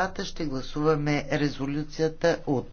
дебата ще гласуваме резолюцията от